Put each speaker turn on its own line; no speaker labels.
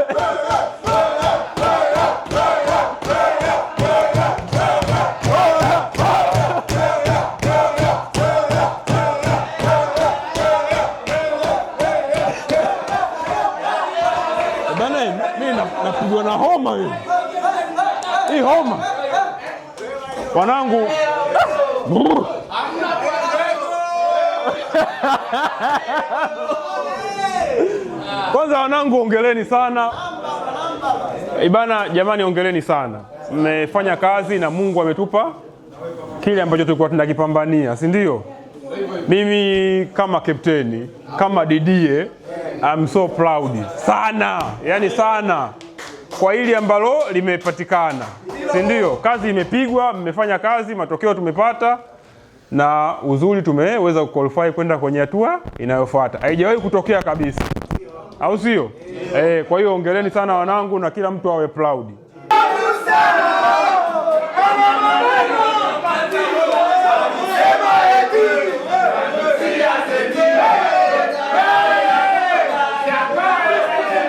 Eh, bana, mimi eh, napigwa na homa hiyo. Hii homa wanangu Kwanza wanangu, ongeleni sana ibana, eh, jamani, ongeleni sana, mmefanya kazi na Mungu ametupa kile ambacho tulikuwa tunakipambania, si ndio? Mimi kama kapteni, kama didie, I'm so proud sana, yani sana kwa hili ambalo limepatikana, si ndio? Kazi imepigwa, mmefanya kazi, matokeo tumepata na uzuri tumeweza kuqualify kwenda kwenye hatua inayofuata. Haijawahi kutokea kabisa au sio? Yeah. Eh, kwa hiyo ongeleni sana wanangu, na kila mtu awe proud.